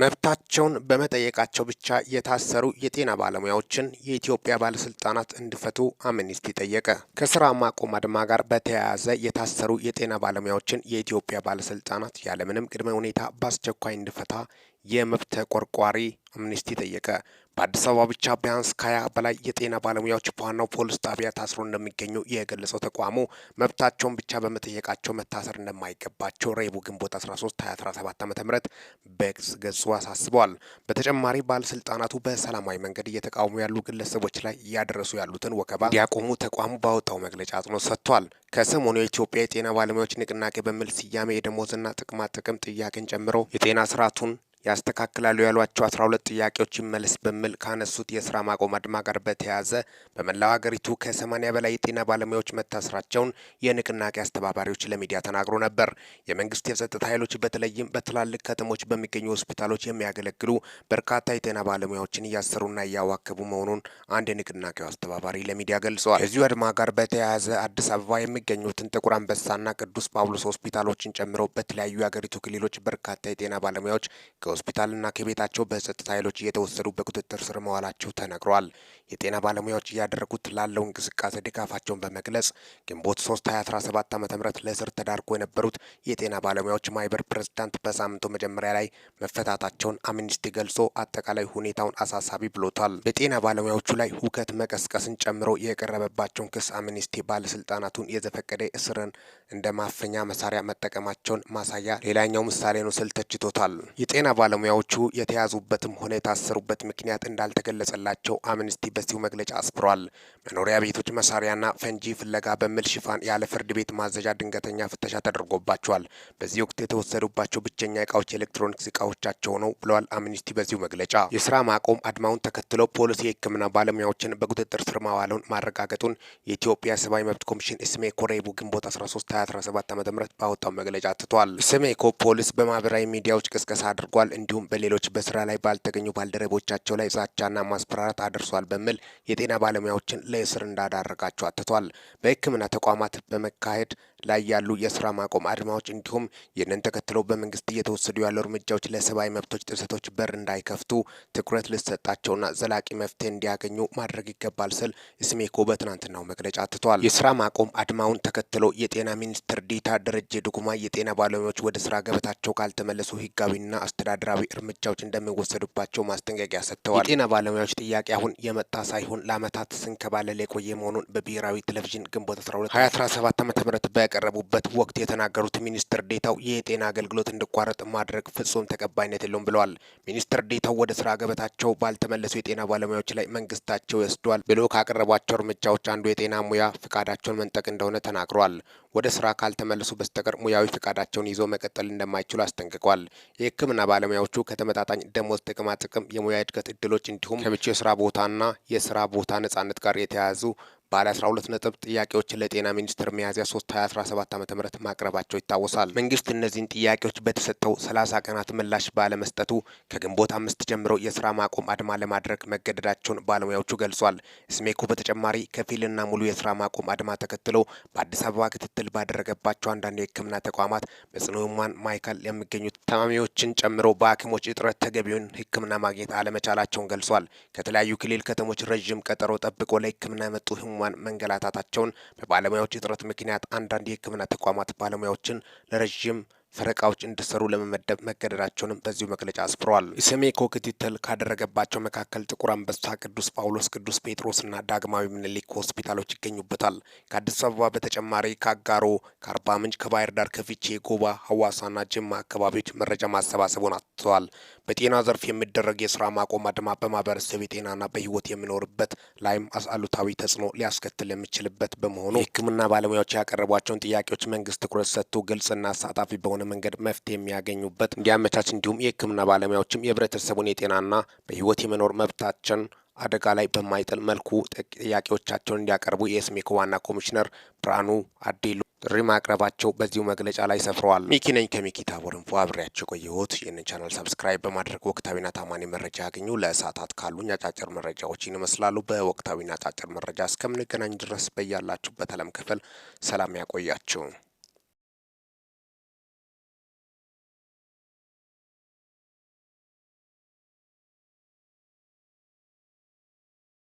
መብታቸውን በመጠየቃቸው ብቻ የታሰሩ የጤና ባለሙያዎችን የኢትዮጵያ ባለስልጣናት እንዲፈቱ አምኒስቲ ጠየቀ። ከስራ ማቆም አድማ ጋር በተያያዘ የታሰሩ የጤና ባለሙያዎችን የኢትዮጵያ ባለስልጣናት ያለምንም ቅድመ ሁኔታ በአስቸኳይ እንዲፈታ የመብት ተቆርቋሪ አምነስቲ ጠየቀ። በአዲስ አበባ ብቻ ቢያንስ ከሀያ በላይ የጤና ባለሙያዎች በዋናው ፖሊስ ጣቢያ ታስሮ እንደሚገኙ የገለጸው ተቋሙ መብታቸውን ብቻ በመጠየቃቸው መታሰር እንደማይገባቸው ረቡዕ ግንቦት 13 2017 ዓ ም በግጽ ገጹ አሳስበዋል። በተጨማሪ ባለስልጣናቱ በሰላማዊ መንገድ እየተቃወሙ ያሉ ግለሰቦች ላይ እያደረሱ ያሉትን ወከባ እንዲያቆሙ ተቋሙ ባወጣው መግለጫ አጽንኦት ሰጥቷል። ከሰሞኑ የኢትዮጵያ የጤና ባለሙያዎች ንቅናቄ በሚል ስያሜ የደሞዝና ጥቅማ ጥቅም ጥያቄን ጨምሮ የጤና ስርዓቱን ያስተካክላሉ ያሏቸው 12 ጥያቄዎች ይመለስ በሚል ካነሱት የስራ ማቆም አድማ ጋር በተያያዘ በመላው ሀገሪቱ ከ80 በላይ የጤና ባለሙያዎች መታሰራቸውን የንቅናቄ አስተባባሪዎች ለሚዲያ ተናግሮ ነበር። የመንግስት የጸጥታ ኃይሎች በተለይም በትላልቅ ከተሞች በሚገኙ ሆስፒታሎች የሚያገለግሉ በርካታ የጤና ባለሙያዎችን እያሰሩና እያዋከቡ መሆኑን አንድ የንቅናቄው አስተባባሪ ለሚዲያ ገልጸዋል። ከዚሁ አድማ ጋር በተያያዘ አዲስ አበባ የሚገኙትን ጥቁር አንበሳና ቅዱስ ጳውሎስ ሆስፒታሎችን ጨምሮ በተለያዩ የሀገሪቱ ክልሎች በርካታ የጤና ባለሙያዎች ከሆስፒታልና ከቤታቸው በጸጥታ ኃይሎች እየተወሰዱ በቁጥጥር ስር መዋላቸው ተነግሯል። የጤና ባለሙያዎች እያደረጉት ላለው እንቅስቃሴ ድጋፋቸውን በመግለጽ ግንቦት 3 2017 ዓ ም ለእስር ተዳርጎ የነበሩት የጤና ባለሙያዎች ማህበር ፕሬዝዳንት በሳምንቱ መጀመሪያ ላይ መፈታታቸውን አምኒስቲ ገልጾ አጠቃላይ ሁኔታውን አሳሳቢ ብሎታል። በጤና ባለሙያዎቹ ላይ ሁከት መቀስቀስን ጨምሮ የቀረበባቸውን ክስ አምኒስቲ ባለስልጣናቱን የዘፈቀደ እስርን እንደ ማፈኛ መሳሪያ መጠቀማቸውን ማሳያ ሌላኛው ምሳሌ ነው ስል ተችቶታል። የጤና ባለሙያዎቹ የተያዙበትም ሆነ የታሰሩበት ምክንያት እንዳልተገለጸላቸው አምነስቲ በዚሁ መግለጫ አስፍሯል። መኖሪያ ቤቶች መሳሪያና ፈንጂ ፍለጋ በሚል ሽፋን ያለ ፍርድ ቤት ማዘዣ ድንገተኛ ፍተሻ ተደርጎባቸዋል። በዚህ ወቅት የተወሰዱባቸው ብቸኛ እቃዎች የኤሌክትሮኒክስ እቃዎቻቸው ነው ብለዋል አምኒስቲ በዚሁ መግለጫ። የስራ ማቆም አድማውን ተከትሎ ፖሊስ የህክምና ባለሙያዎችን በቁጥጥር ስር ማዋለውን ማረጋገጡን የኢትዮጵያ ሰብአዊ መብት ኮሚሽን ስሜኮ ረቡዕ ግንቦት 13 2017 ዓ.ም ባወጣው መግለጫ ትቷል። ስሜኮ ፖሊስ በማህበራዊ ሚዲያዎች ቅስቀሳ አድርጓል፣ እንዲሁም በሌሎች በስራ ላይ ባልተገኙ ባልደረቦቻቸው ላይ ዛቻና ማስፈራራት አድርሷል በሚል የጤና ባለሙያዎችን ለእስር እንዳዳረጋቸው አትቷል። በሕክምና ተቋማት በመካሄድ ላይ ያሉ የስራ ማቆም አድማዎች እንዲሁም ይህንን ተከትለው በመንግስት እየተወሰዱ ያሉ እርምጃዎች ለሰብአዊ መብቶች ጥሰቶች በር እንዳይከፍቱ ትኩረት ልሰጣቸውና ዘላቂ መፍትሄ እንዲያገኙ ማድረግ ይገባል ስል ኢሰመኮ በትናንትናው መግለጫ አትቷል። የስራ ማቆም አድማውን ተከትሎ የጤና ሚኒስትር ዴኤታ ደረጀ ዱጉማ የጤና ባለሙያዎች ወደ ስራ ገበታቸው ካልተመለሱ ህጋዊና አስተዳደራዊ እርምጃዎች እንደሚወሰዱባቸው ማስጠንቀቂያ ሰጥተዋል። የጤና ባለሙያዎች ጥያቄ አሁን የመጣ ሳይሆን ለአመታት ስንከባ ሲንከባለል የቆየ መሆኑን በብሔራዊ ቴሌቪዥን ግንቦት 12 2017 ዓ.ም በቀረቡበት ወቅት የተናገሩት ሚኒስትር ዴታው የጤና አገልግሎት እንዲቋረጥ ማድረግ ፍጹም ተቀባይነት የለውም ብለዋል። ሚኒስትር ዴታው ወደ ስራ ገበታቸው ባልተመለሱ የጤና ባለሙያዎች ላይ መንግስታቸው ይወስደዋል ብሎ ካቀረቧቸው እርምጃዎች አንዱ የጤና ሙያ ፍቃዳቸውን መንጠቅ እንደሆነ ተናግሯል። ወደ ስራ ካልተመለሱ በስተቀር ሙያዊ ፈቃዳቸውን ይዞ መቀጠል እንደማይችሉ አስጠንቅቋል። የህክምና ባለሙያዎቹ ከተመጣጣኝ ደሞዝ፣ ጥቅማ ጥቅም፣ የሙያ እድገት እድሎች እንዲሁም ከምቹ የስራ ቦታና የስራ ቦታ ነጻነት ጋር የተያያዙ ባለ 12 ነጥብ ጥያቄዎችን ለጤና ሚኒስቴር ሚያዝያ 3 2017 ዓ ም ማቅረባቸው ይታወሳል። መንግስት እነዚህን ጥያቄዎች በተሰጠው 30 ቀናት ምላሽ ባለመስጠቱ ከግንቦት አምስት ጀምሮ የስራ ማቆም አድማ ለማድረግ መገደዳቸውን ባለሙያዎቹ ገልጿል። ስሜኩ በተጨማሪ ከፊልና ሙሉ የስራ ማቆም አድማ ተከትሎ በአዲስ አበባ ክትትል ባደረገባቸው አንዳንድ የህክምና ተቋማት በጽኑ ሕሙማን ማዕከል የሚገኙት ታማሚዎችን ጨምሮ በሐኪሞች እጥረት ተገቢውን ሕክምና ማግኘት አለመቻላቸውን ገልጿል። ከተለያዩ ክልል ከተሞች ረዥም ቀጠሮ ጠብቆ ለህክምና የመጡ ህሙማን መንገላታታቸውን በባለሙያዎች እጥረት ምክንያት አንዳንድ የህክምና ተቋማት ባለሙያዎችን ለረዥም ፈረቃዎች እንዲሰሩ ለመመደብ መገደዳቸውንም በዚሁ መግለጫ አስፍረዋል። ኢሰመኮ ክትትል ካደረገባቸው መካከል ጥቁር አንበሳ፣ ቅዱስ ጳውሎስ፣ ቅዱስ ጴጥሮስና ዳግማዊ ምኒልክ ሆስፒታሎች ይገኙበታል። ከአዲስ አበባ በተጨማሪ ከአጋሮ፣ ከአርባ ምንጭ፣ ከባህር ዳር፣ ከፊቼ፣ ጎባ፣ ሀዋሳና ጅማ አካባቢዎች መረጃ ማሰባሰቡን አትተዋል። በጤና ዘርፍ የሚደረግ የስራ ማቆም አድማ በማህበረሰብ የጤናና በህይወት የሚኖርበት ላይም አሉታዊ ተጽዕኖ ሊያስከትል የሚችልበት በመሆኑ የህክምና ባለሙያዎች ያቀረቧቸውን ጥያቄዎች መንግስት ትኩረት ሰጥቶ ግልጽና አሳታፊ በሆነ መንገድ መፍትሄ የሚያገኙበት እንዲያመቻች እንዲሁም የህክምና ባለሙያዎችም የህብረተሰቡን የጤናና በህይወት የመኖር መብታችን አደጋ ላይ በማይጥል መልኩ ጥያቄዎቻቸውን እንዲያቀርቡ የኤስሜኮ ዋና ኮሚሽነር ብርሃኑ አዴሎ ጥሪ ማቅረባቸው በዚሁ መግለጫ ላይ ሰፍረዋል። ሚኪ ነኝ ከሚኪ ታቦር ኢንፎ አብሬያቸው ቆየሁት ይህንን ቻናል ሰብስክራይብ በማድረግ ወቅታዊና ታማኒ መረጃ ያገኙ። ለእሳታት ካሉኝ አጫጭር መረጃዎች ይመስላሉ። በወቅታዊና አጫጭር መረጃ እስከምንገናኝ ድረስ በያላችሁበት ዓለም ክፍል ሰላም ያቆያችሁ።